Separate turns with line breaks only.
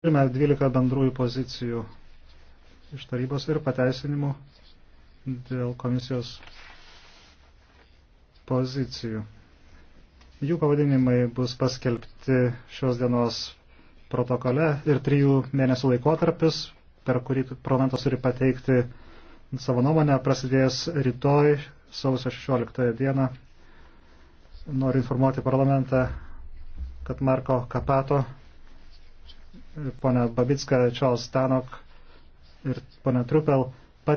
Turime 12 bendrųjų pozicijų iš tarybos ir pateisinimų dėl komisijos pozicijų. Jų pavadinimai bus paskelbti šios dienos protokole ir trijų mėnesių laikotarpis, per kurį parlamentas turi pateikti savo nuomonę, prasidės rytoj, sausio 16 dieną. Noriu informuoti parlamentą, kad Marko Kapato ponia Babicka, Charles Tanok ir ponia Trupel